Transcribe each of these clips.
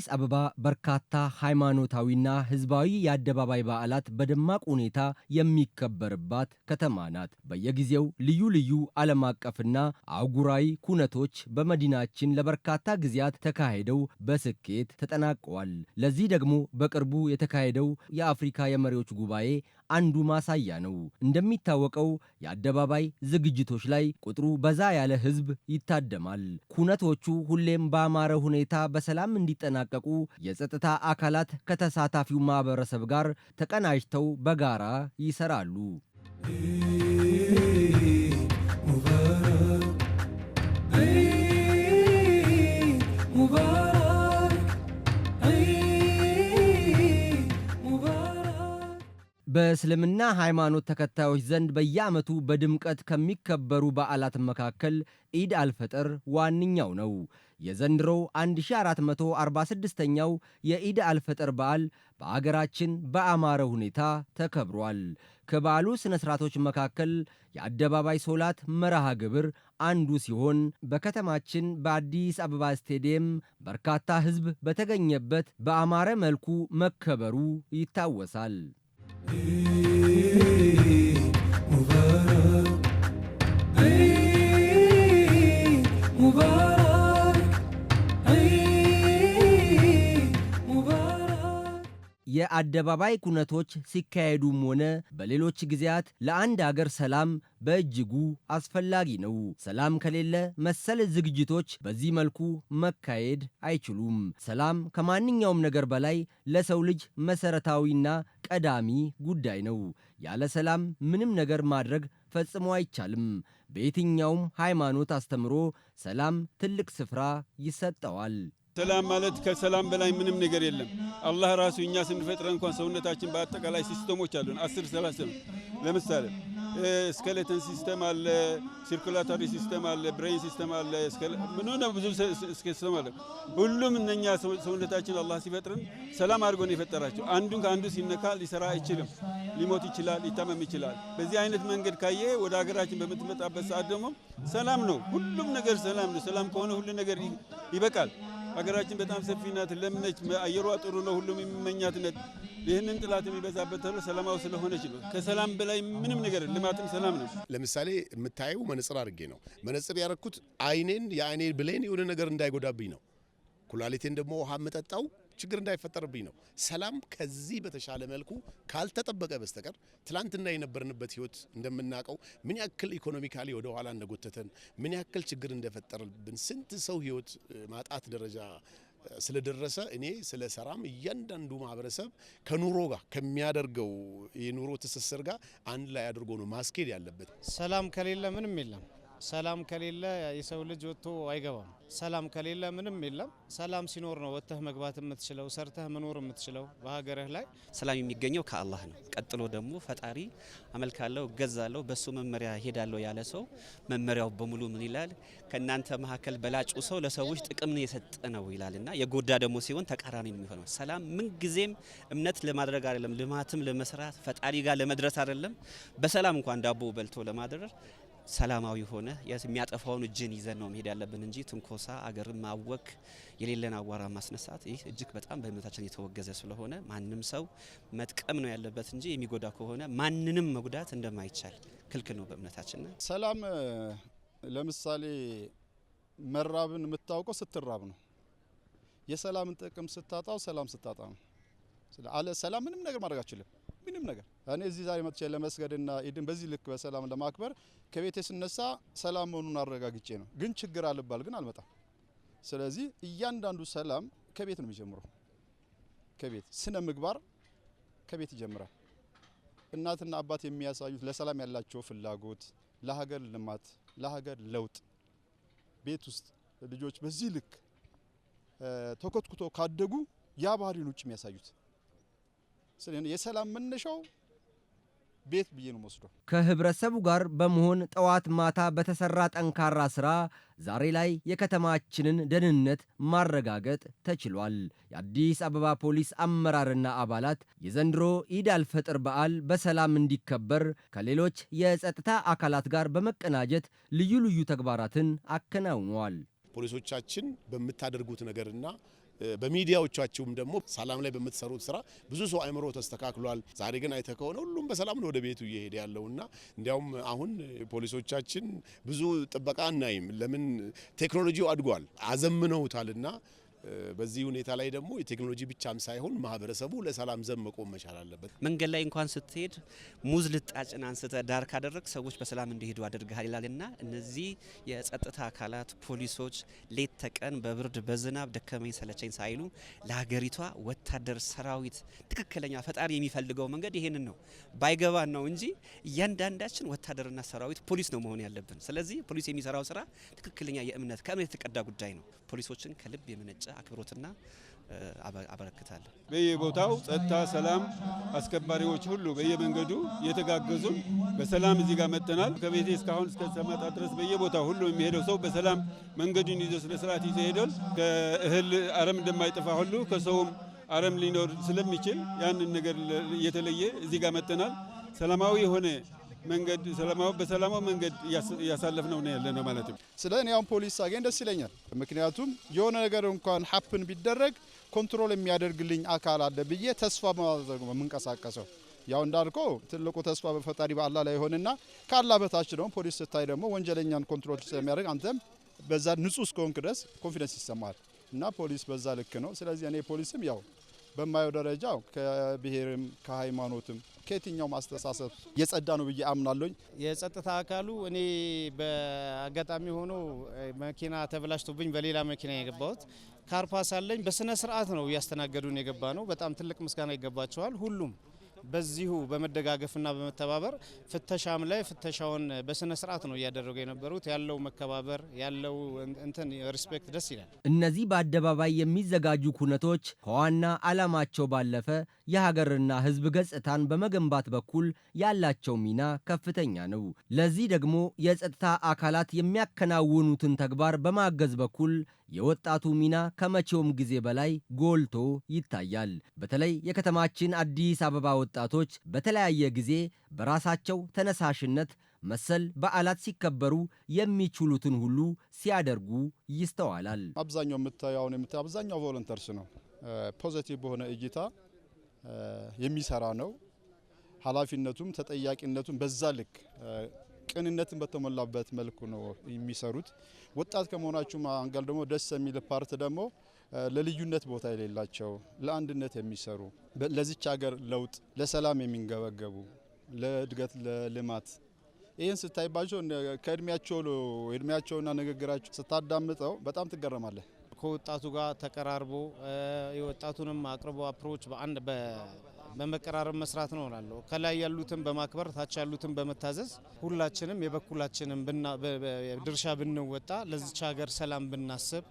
በአዲስ አበባ በርካታ ሃይማኖታዊና ሕዝባዊ የአደባባይ በዓላት በደማቅ ሁኔታ የሚከበርባት ከተማ ናት። በየጊዜው ልዩ ልዩ ዓለም አቀፍና አህጉራዊ ኩነቶች በመዲናችን ለበርካታ ጊዜያት ተካሄደው በስኬት ተጠናቀዋል። ለዚህ ደግሞ በቅርቡ የተካሄደው የአፍሪካ የመሪዎች ጉባኤ አንዱ ማሳያ ነው። እንደሚታወቀው የአደባባይ ዝግጅቶች ላይ ቁጥሩ በዛ ያለ ሕዝብ ይታደማል። ኩነቶቹ ሁሌም በአማረ ሁኔታ በሰላም እንዲጠናቀቁ የጸጥታ አካላት ከተሳታፊው ማህበረሰብ ጋር ተቀናጅተው በጋራ ይሰራሉ። በእስልምና ሃይማኖት ተከታዮች ዘንድ በየዓመቱ በድምቀት ከሚከበሩ በዓላት መካከል ኢድ አልፈጠር ዋነኛው ነው። የዘንድሮው 1446ኛው የኢድ አልፈጠር በዓል በአገራችን በአማረ ሁኔታ ተከብሯል። ከበዓሉ ሥነ ሥርዓቶች መካከል የአደባባይ ሶላት መርሃ ግብር አንዱ ሲሆን በከተማችን በአዲስ አበባ ስቴዲየም በርካታ ሕዝብ በተገኘበት በአማረ መልኩ መከበሩ ይታወሳል። Yeah. የአደባባይ ኩነቶች ሲካሄዱም ሆነ በሌሎች ጊዜያት ለአንድ አገር ሰላም በእጅጉ አስፈላጊ ነው። ሰላም ከሌለ መሰል ዝግጅቶች በዚህ መልኩ መካሄድ አይችሉም። ሰላም ከማንኛውም ነገር በላይ ለሰው ልጅ መሰረታዊና ቀዳሚ ጉዳይ ነው። ያለ ሰላም ምንም ነገር ማድረግ ፈጽሞ አይቻልም። በየትኛውም ሃይማኖት አስተምሮ ሰላም ትልቅ ስፍራ ይሰጠዋል። ሰላም ማለት ከሰላም በላይ ምንም ነገር የለም። አላህ ራሱ እኛ ስንፈጥረ እንኳን ሰውነታችን በአጠቃላይ ሲስተሞች አሉን። አስር ሰላሳ ነው። ለምሳሌ ስኬሌተን ሲስተም አለ፣ ሲርኩላቶሪ ሲስተም አለ፣ ብሬን ሲስተም አለ፣ ምን ሆነ ብዙ ሲስተም አለ። ሁሉም እነኛ ሰውነታችን አላህ ሲፈጥርን ሰላም አድርጎ ነው የፈጠራቸው። አንዱን ከአንዱ ሲነካ ሊሰራ አይችልም፣ ሊሞት ይችላል፣ ሊታመም ይችላል። በዚህ አይነት መንገድ ካየ ወደ ሀገራችን በምትመጣበት ሰዓት ደግሞ ሰላም ነው፣ ሁሉም ነገር ሰላም ነው። ሰላም ከሆነ ሁሉ ነገር ይበቃል። ሀገራችን በጣም ሰፊ ናት፣ ለምነች፣ አየሯ ጥሩ ነው፣ ሁሉም የሚመኛት ነት ይህንን ጥላት የሚበዛበት ተብሎ ሰላማዊ ስለሆነች ነው። ከሰላም በላይ ምንም ነገር ልማትም ሰላም ነው። ለምሳሌ የምታየው መነጽር አድርጌ ነው። መነጽር ያረኩት አይኔን የአይኔ ብሌን የሆነ ነገር እንዳይጎዳብኝ ነው። ኩላሊቴን ደግሞ ውሃ የምጠጣው ችግር እንዳይፈጠርብኝ ነው። ሰላም ከዚህ በተሻለ መልኩ ካልተጠበቀ በስተቀር ትላንትና የነበርንበት ህይወት እንደምናውቀው ምን ያክል ኢኮኖሚካሊ ወደ ኋላ እንደጎተተን፣ ምን ያክል ችግር እንደፈጠረብን፣ ስንት ሰው ህይወት ማጣት ደረጃ ስለደረሰ እኔ ስለ ሰላም እያንዳንዱ ማህበረሰብ ከኑሮ ጋር ከሚያደርገው የኑሮ ትስስር ጋር አንድ ላይ አድርጎ ነው ማስኬድ ያለበት። ሰላም ከሌለ ምንም የለም። ሰላም ከሌለ የሰው ልጅ ወጥቶ አይገባም። ሰላም ከሌለ ምንም የለም። ሰላም ሲኖር ነው ወጥተህ መግባት የምትችለው፣ ሰርተህ መኖር የምትችለው በሀገርህ ላይ። ሰላም የሚገኘው ከአላህ ነው። ቀጥሎ ደግሞ ፈጣሪ አመልካለሁ፣ እገዛለሁ፣ በሱ መመሪያ ሄዳለሁ ያለ ሰው መመሪያው በሙሉ ምን ይላል? ከእናንተ መካከል በላጩ ሰው ለሰዎች ጥቅም የሰጠ ነው ይላል እና የጎዳ ደግሞ ሲሆን ተቃራኒ የሚሆነው ሰላም ምንጊዜም እምነት ለማድረግ አይደለም፣ ልማትም ለመስራት ፈጣሪ ጋር ለመድረስ አይደለም፣ በሰላም እንኳን ዳቦ በልቶ ለማድረግ ሰላማዊ ሆነ የሚያጠፋውን እጅን ይዘን ነው መሄድ ያለብን እንጂ ትንኮሳ፣ አገርን ማወክ፣ የሌለን አዋራ ማስነሳት ይህ እጅግ በጣም በእምነታችን የተወገዘ ስለሆነ ማንም ሰው መጥቀም ነው ያለበት እንጂ የሚጎዳ ከሆነ ማንንም መጉዳት እንደማይቻል ክልክል ነው በእምነታችን። ሰላም ለምሳሌ መራብን የምታውቀው ስትራብ ነው። የሰላምን ጥቅም ስታጣው ሰላም ስታጣ ነው። አለ ሰላም ምንም ነገር ማድረግ አችልም። ምንም ነገር እኔ እዚህ ዛሬ መጥቼ ለመስገድና ኢድን በዚህ ልክ በሰላም ለማክበር ከቤቴ ስነሳ ሰላም መሆኑን አረጋግጬ ነው። ግን ችግር አልባል ግን አልመጣም። ስለዚህ እያንዳንዱ ሰላም ከቤት ነው የሚጀምረው። ከቤት ስነ ምግባር ከቤት ይጀምራል። እናትና አባት የሚያሳዩት ለሰላም ያላቸው ፍላጎት፣ ለሀገር ልማት፣ ለሀገር ለውጥ ቤት ውስጥ ልጆች በዚህ ልክ ተኮትኩቶ ካደጉ ያ ባህሪን ውጭ የሚያሳዩት የሰላም መነሻው ቤት ብዬ ነው መስዶ ከህብረተሰቡ ጋር በመሆን ጠዋት ማታ በተሰራ ጠንካራ ስራ ዛሬ ላይ የከተማችንን ደህንነት ማረጋገጥ ተችሏል። የአዲስ አበባ ፖሊስ አመራርና አባላት የዘንድሮ ኢድ አልፈጥር በዓል በሰላም እንዲከበር ከሌሎች የጸጥታ አካላት ጋር በመቀናጀት ልዩ ልዩ ተግባራትን አከናውነዋል። ፖሊሶቻችን በምታደርጉት ነገርና በሚዲያዎቻችሁም ደግሞ ሰላም ላይ በምትሰሩት ስራ ብዙ ሰው አይምሮ ተስተካክሏል። ዛሬ ግን አይተ ከሆነ ሁሉም በሰላም ነው ወደ ቤቱ እየሄደ ያለውና እንዲያውም አሁን ፖሊሶቻችን ብዙ ጥበቃ አናይም። ለምን ቴክኖሎጂው አድጓል፣ አዘምነውታልና በዚህ ሁኔታ ላይ ደግሞ የቴክኖሎጂ ብቻም ሳይሆን ማህበረሰቡ ለሰላም ዘብ መቆም መቻል አለበት። መንገድ ላይ እንኳን ስትሄድ ሙዝ ልጣጭን አንስተ ዳር ካደረግ ሰዎች በሰላም እንዲሄዱ አድርገሃል ይላልና እነዚህ የጸጥታ አካላት ፖሊሶች ሌት ተቀን በብርድ በዝናብ ደከመኝ ሰለቸኝ ሳይሉ ለሀገሪቷ ወታደር ሰራዊት ትክክለኛ ፈጣሪ የሚፈልገው መንገድ ይሄንን ነው። ባይገባን ነው እንጂ እያንዳንዳችን ወታደርና ሰራዊት ፖሊስ ነው መሆን ያለብን። ስለዚህ ፖሊስ የሚሰራው ስራ ትክክለኛ የእምነት ከእምነት የተቀዳ ጉዳይ ነው። ፖሊሶችን ከልብ የመነጨ አክብሮትና አበረክታለሁ። በየቦታው ጸጥታ ሰላም አስከባሪዎች ሁሉ በየመንገዱ እየተጋገዙን በሰላም እዚህ ጋር መጥተናል። ከቤቴ እስካሁን እስከተመጣ ድረስ በየቦታው ሁሉ የሚሄደው ሰው በሰላም መንገዱን ይዞ ስለስርዓት ስርዓት ይዞ ሄዷል። ከእህል አረም እንደማይጠፋ ሁሉ ከሰውም አረም ሊኖር ስለሚችል ያንን ነገር እየተለየ እዚህ ጋር መጥተናል። ሰላማዊ የሆነ መንገድ በሰላማዊ መንገድ እያሳለፍነው ነው ያለ ነው ማለት ነው። ስለ እኔ አሁን ፖሊስ ሳገኝ ደስ ይለኛል። ምክንያቱም የሆነ ነገር እንኳን ሀፕን ቢደረግ ኮንትሮል የሚያደርግልኝ አካል አለ ብዬ ተስፋ በማድረግ ነው የምንቀሳቀሰው። ያው እንዳልኮ ትልቁ ተስፋ በፈጣሪ በአላ ላይ ሆንና ካላ በታች ደግሞ ፖሊስ ስታይ ደግሞ ወንጀለኛን ኮንትሮል ስለሚያደርግ አንተም በዛ ንጹህ እስከሆንክ ድረስ ኮንፊደንስ ይሰማል እና ፖሊስ በዛ ልክ ነው። ስለዚህ እኔ ፖሊስም ያው በማየው ደረጃ ከብሔርም ከሃይማኖትም ከየትኛው ማስተሳሰብ የጸዳ ነው ብዬ አምናለኝ። የጸጥታ አካሉ እኔ በአጋጣሚ ሆኖ መኪና ተበላሽቶብኝ በሌላ መኪና የገባሁት ካርፓስ አለኝ። በስነ ስርዓት ነው እያስተናገዱን የገባ ነው። በጣም ትልቅ ምስጋና ይገባቸዋል ሁሉም በዚሁ በመደጋገፍና በመተባበር ፍተሻም ላይ ፍተሻውን በስነ ስርዓት ነው እያደረጉ የነበሩት። ያለው መከባበር ያለው እንትን ሪስፔክት ደስ ይላል። እነዚህ በአደባባይ የሚዘጋጁ ኩነቶች ከዋና ዓላማቸው ባለፈ የሀገርና ሕዝብ ገጽታን በመገንባት በኩል ያላቸው ሚና ከፍተኛ ነው። ለዚህ ደግሞ የጸጥታ አካላት የሚያከናውኑትን ተግባር በማገዝ በኩል የወጣቱ ሚና ከመቼውም ጊዜ በላይ ጎልቶ ይታያል። በተለይ የከተማችን አዲስ አበባ ወጣቶች በተለያየ ጊዜ በራሳቸው ተነሳሽነት መሰል በዓላት ሲከበሩ የሚችሉትን ሁሉ ሲያደርጉ ይስተዋላል። አብዛኛው የምታየው የምታየው አብዛኛው ቮለንተርስ ነው። ፖዘቲቭ በሆነ እይታ የሚሰራ ነው። ኃላፊነቱም ተጠያቂነቱም በዛ ልክ ቅንነትን በተሞላበት መልኩ ነው የሚሰሩት። ወጣት ከመሆናችሁ አንጋል ደግሞ ደስ የሚል ፓርት ደግሞ ለልዩነት ቦታ የሌላቸው ለአንድነት የሚሰሩ ለዚች ሀገር ለውጥ ለሰላም የሚንገበገቡ ለእድገት ለልማት ይህን ስታይባቸው ከእድሜያቸው እድሜያቸውና ንግግራቸው ስታዳምጠው በጣም ትገረማለህ። ከወጣቱ ጋር ተቀራርቦ የወጣቱንም አቅርቦ አፕሮች በአንድ በመቀራረብ መስራት ነው እላለሁ። ከላይ ያሉትን በማክበር ታች ያሉትን በመታዘዝ ሁላችንም የበኩላችንም ድርሻ ብንወጣ ለዚች ሀገር ሰላም ብናስብ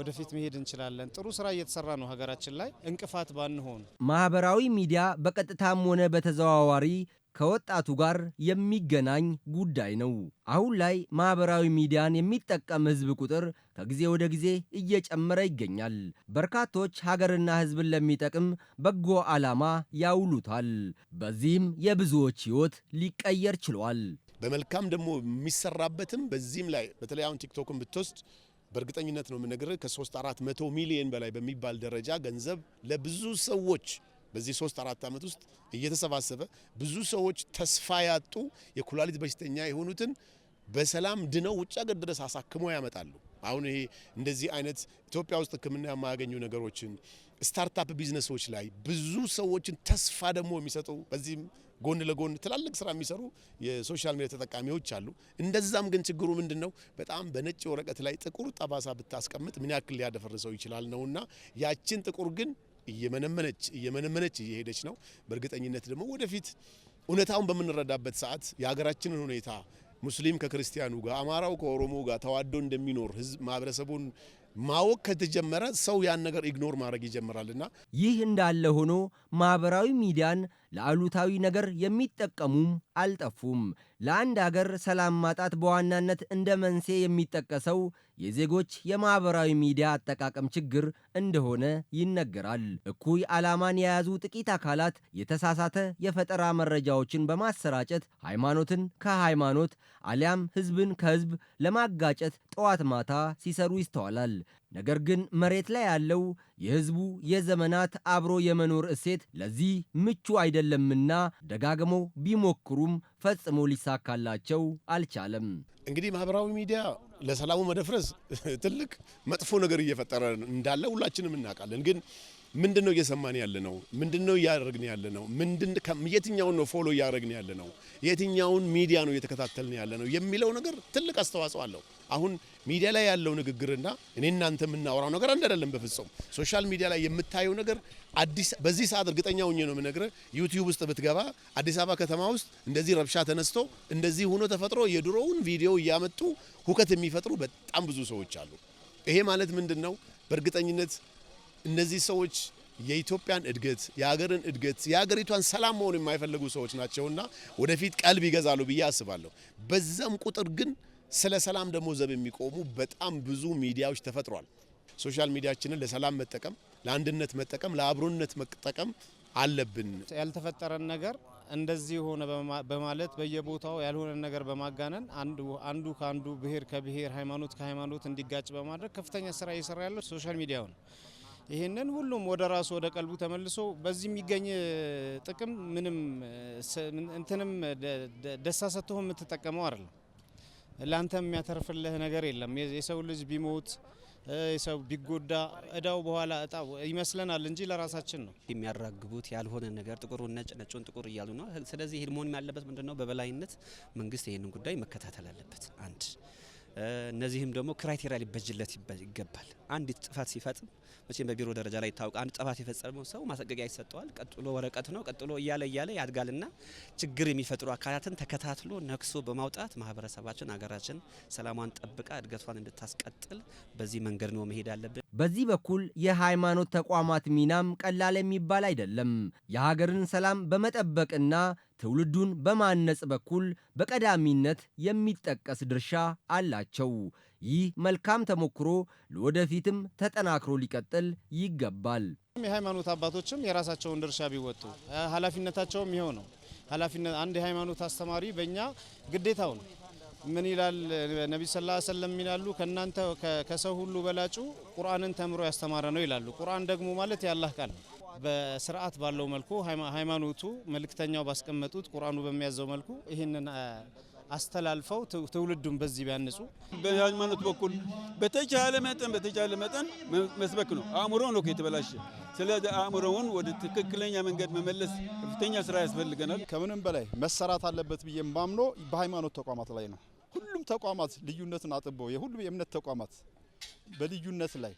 ወደፊት መሄድ እንችላለን። ጥሩ ስራ እየተሰራ ነው ሀገራችን ላይ እንቅፋት ባንሆን። ማህበራዊ ሚዲያ በቀጥታም ሆነ በተዘዋዋሪ ከወጣቱ ጋር የሚገናኝ ጉዳይ ነው። አሁን ላይ ማህበራዊ ሚዲያን የሚጠቀም ሕዝብ ቁጥር ከጊዜ ወደ ጊዜ እየጨመረ ይገኛል። በርካቶች ሀገርና ሕዝብን ለሚጠቅም በጎ ዓላማ ያውሉታል። በዚህም የብዙዎች ሕይወት ሊቀየር ችሏል። በመልካም ደግሞ የሚሰራበትም በዚህም ላይ በተለይ አሁን ቲክቶክን ብትወስድ በእርግጠኝነት ነው የምነግርህ ከሶስት አራት መቶ ሚሊየን በላይ በሚባል ደረጃ ገንዘብ ለብዙ ሰዎች በዚህ ሶስት አራት ዓመት ውስጥ እየተሰባሰበ ብዙ ሰዎች ተስፋ ያጡ የኩላሊት በሽተኛ የሆኑትን በሰላም ድነው ውጭ ሀገር ድረስ አሳክሞ ያመጣሉ። አሁን ይሄ እንደዚህ አይነት ኢትዮጵያ ውስጥ ሕክምና የማያገኙ ነገሮችን ስታርታፕ ቢዝነሶች ላይ ብዙ ሰዎችን ተስፋ ደግሞ የሚሰጡ በዚህም ጎን ለጎን ትላልቅ ስራ የሚሰሩ የሶሻል ሚዲያ ተጠቃሚዎች አሉ። እንደዛም ግን ችግሩ ምንድን ነው? በጣም በነጭ ወረቀት ላይ ጥቁር ጠባሳ ብታስቀምጥ ምን ያክል ሊያደፈርሰው ይችላል እና ያችን ጥቁር ግን እየመነመነች እየመነመነች እየሄደች ነው። በእርግጠኝነት ደግሞ ወደፊት እውነታውን በምንረዳበት ሰዓት የሀገራችንን ሁኔታ ሙስሊም ከክርስቲያኑ ጋር፣ አማራው ከኦሮሞ ጋር ተዋዶ እንደሚኖር ህዝብ ማህበረሰቡን ማወቅ ከተጀመረ ሰው ያን ነገር ኢግኖር ማድረግ ይጀምራልና ይህ እንዳለ ሆኖ ማህበራዊ ሚዲያን ለአሉታዊ ነገር የሚጠቀሙም አልጠፉም። ለአንድ አገር ሰላም ማጣት በዋናነት እንደ መንስኤ የሚጠቀሰው የዜጎች የማኅበራዊ ሚዲያ አጠቃቀም ችግር እንደሆነ ይነገራል። እኩይ ዓላማን የያዙ ጥቂት አካላት የተሳሳተ የፈጠራ መረጃዎችን በማሰራጨት ሃይማኖትን ከሃይማኖት አሊያም ሕዝብን ከሕዝብ ለማጋጨት ጠዋት ማታ ሲሰሩ ይስተዋላል። ነገር ግን መሬት ላይ ያለው የሕዝቡ የዘመናት አብሮ የመኖር እሴት ለዚህ ምቹ አይደለምና ደጋግሞ ቢሞክሩም ፈጽሞ ሊሳካላቸው አልቻለም። እንግዲህ ማህበራዊ ሚዲያ ለሰላሙ መደፍረስ ትልቅ መጥፎ ነገር እየፈጠረ እንዳለ ሁላችንም እናውቃለን ግን ምንድን ነው እየሰማን ያለ ነው? ምንድን ነው እያደረግን ያለ ነው? የትኛውን ነው ፎሎ እያደረግን ያለ ነው? የትኛውን ሚዲያ ነው እየተከታተልን ያለ ነው የሚለው ነገር ትልቅ አስተዋጽኦ አለው። አሁን ሚዲያ ላይ ያለው ንግግርና እኔ እናንተ የምናወራው ነገር አንድ አይደለም። በፍጹም ሶሻል ሚዲያ ላይ የምታየው ነገር አዲስ በዚህ ሰዓት እርግጠኛ ሆኜ ነው የምነግርህ፣ ዩቲዩብ ውስጥ ብትገባ አዲስ አበባ ከተማ ውስጥ እንደዚህ ረብሻ ተነስቶ እንደዚህ ሆኖ ተፈጥሮ የድሮውን ቪዲዮ እያመጡ ሁከት የሚፈጥሩ በጣም ብዙ ሰዎች አሉ። ይሄ ማለት ምንድን ነው? በእርግጠኝነት እነዚህ ሰዎች የኢትዮጵያን እድገት የሀገርን እድገት የሀገሪቷን ሰላም መሆኑ የማይፈልጉ ሰዎች ናቸውና ወደፊት ቀልብ ይገዛሉ ብዬ አስባለሁ። በዛም ቁጥር ግን ስለ ሰላም ደግሞ ዘብ የሚቆሙ በጣም ብዙ ሚዲያዎች ተፈጥሯል። ሶሻል ሚዲያችንን ለሰላም መጠቀም፣ ለአንድነት መጠቀም፣ ለአብሮነት መጠቀም አለብን። ያልተፈጠረን ነገር እንደዚህ የሆነ በማለት በየቦታው ያልሆነ ነገር በማጋነን አንዱ ከአንዱ ብሔር ከብሔር ሃይማኖት ከሃይማኖት እንዲጋጭ በማድረግ ከፍተኛ ስራ እየሰራ ያለው ሶሻል ሚዲያው ነው። ይህንን ሁሉም ወደ ራሱ ወደ ቀልቡ ተመልሶ በዚህ የሚገኝ ጥቅም ምንም እንትንም ደስታ ሰጥቶ የምትጠቀመው አይደለም። ለአንተ የሚያተርፍልህ ነገር የለም። የሰው ልጅ ቢሞት የሰው ቢጎዳ እዳው በኋላ እጣ ይመስለናል እንጂ ለራሳችን ነው የሚያራግቡት። ያልሆነ ነገር ጥቁሩን ነጭ፣ ነጩን ጥቁር እያሉ ነው። ስለዚህ ይህ መሆን ያለበት ምንድን ነው? በበላይነት መንግስት ይህንን ጉዳይ መከታተል አለበት። አንድ እነዚህም ደግሞ ክራይቴሪያ ሊበጅለት ይገባል። አንድ ጥፋት ሲፈጽም መቼም በቢሮ ደረጃ ላይ ይታወቃል። አንድ ጥፋት የፈጸመው ሰው ማስጠንቀቂያ ይሰጠዋል። ቀጥሎ ወረቀት ነው። ቀጥሎ እያለ እያለ ያድጋልና ችግር የሚፈጥሩ አካላትን ተከታትሎ ነክሶ በማውጣት ማህበረሰባችን፣ ሀገራችን ሰላሟን ጠብቃ እድገቷን እንድታስቀጥል በዚህ መንገድ ነው መሄድ አለብን። በዚህ በኩል የሃይማኖት ተቋማት ሚናም ቀላል የሚባል አይደለም። የሀገርን ሰላም በመጠበቅና ትውልዱን በማነጽ በኩል በቀዳሚነት የሚጠቀስ ድርሻ አላቸው። ይህ መልካም ተሞክሮ ለወደፊትም ተጠናክሮ ሊቀጥል ይገባል። የሃይማኖት አባቶችም የራሳቸውን ድርሻ ቢወጡ ኃላፊነታቸውም ይኸው ነው። ኃላፊነት አንድ የሃይማኖት አስተማሪ በእኛ ግዴታው ነው። ምን ይላል ነቢ ስ ላ ሰለም ይላሉ፣ ከእናንተ ከሰው ሁሉ በላጩ ቁርአንን ተምሮ ያስተማረ ነው ይላሉ። ቁርአን ደግሞ ማለት የአላህ ቃል ነው። በስርዓት ባለው መልኩ ሃይማኖቱ መልእክተኛው ባስቀመጡት ቁርአኑ በሚያዘው መልኩ ይህንን አስተላልፈው ትውልዱን በዚህ ቢያነጹ በሃይማኖት በኩል በተቻለ መጠን በተቻለ መጠን መስበክ ነው። አእምሮ ነው የተበላሸ። ስለዚህ አእምሮውን ወደ ትክክለኛ መንገድ መመለስ ከፍተኛ ስራ ያስፈልገናል። ከምንም በላይ መሰራት አለበት ብዬ ማምኖ በሃይማኖት ተቋማት ላይ ነው። ሁሉም ተቋማት ልዩነትን አጥበው የሁሉም የእምነት ተቋማት በልዩነት ላይ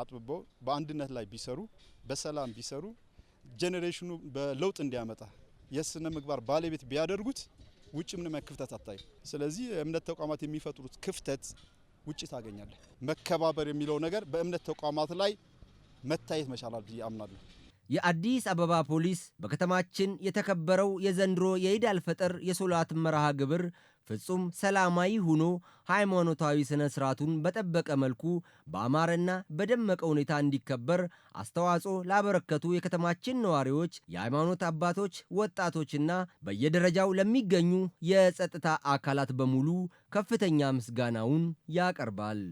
አጥብበው በአንድነት ላይ ቢሰሩ፣ በሰላም ቢሰሩ፣ ጄኔሬሽኑ በለውጥ እንዲያመጣ የስነ ምግባር ባለቤት ቢያደርጉት ውጭ ምንም ክፍተት አታይ። ስለዚህ እምነት ተቋማት የሚፈጥሩት ክፍተት ውጭ ታገኛለህ። መከባበር የሚለው ነገር በእምነት ተቋማት ላይ መታየት መቻላል ብዬ አምናለሁ። የአዲስ አበባ ፖሊስ በከተማችን የተከበረው የዘንድሮ የኢድ አልፈጥር የሶላት መርሃ ግብር ፍጹም ሰላማዊ ሆኖ ሃይማኖታዊ ሥነ ሥርዓቱን በጠበቀ መልኩ በአማረና በደመቀ ሁኔታ እንዲከበር አስተዋጽኦ ላበረከቱ የከተማችን ነዋሪዎች፣ የሃይማኖት አባቶች፣ ወጣቶችና በየደረጃው ለሚገኙ የጸጥታ አካላት በሙሉ ከፍተኛ ምስጋናውን ያቀርባል።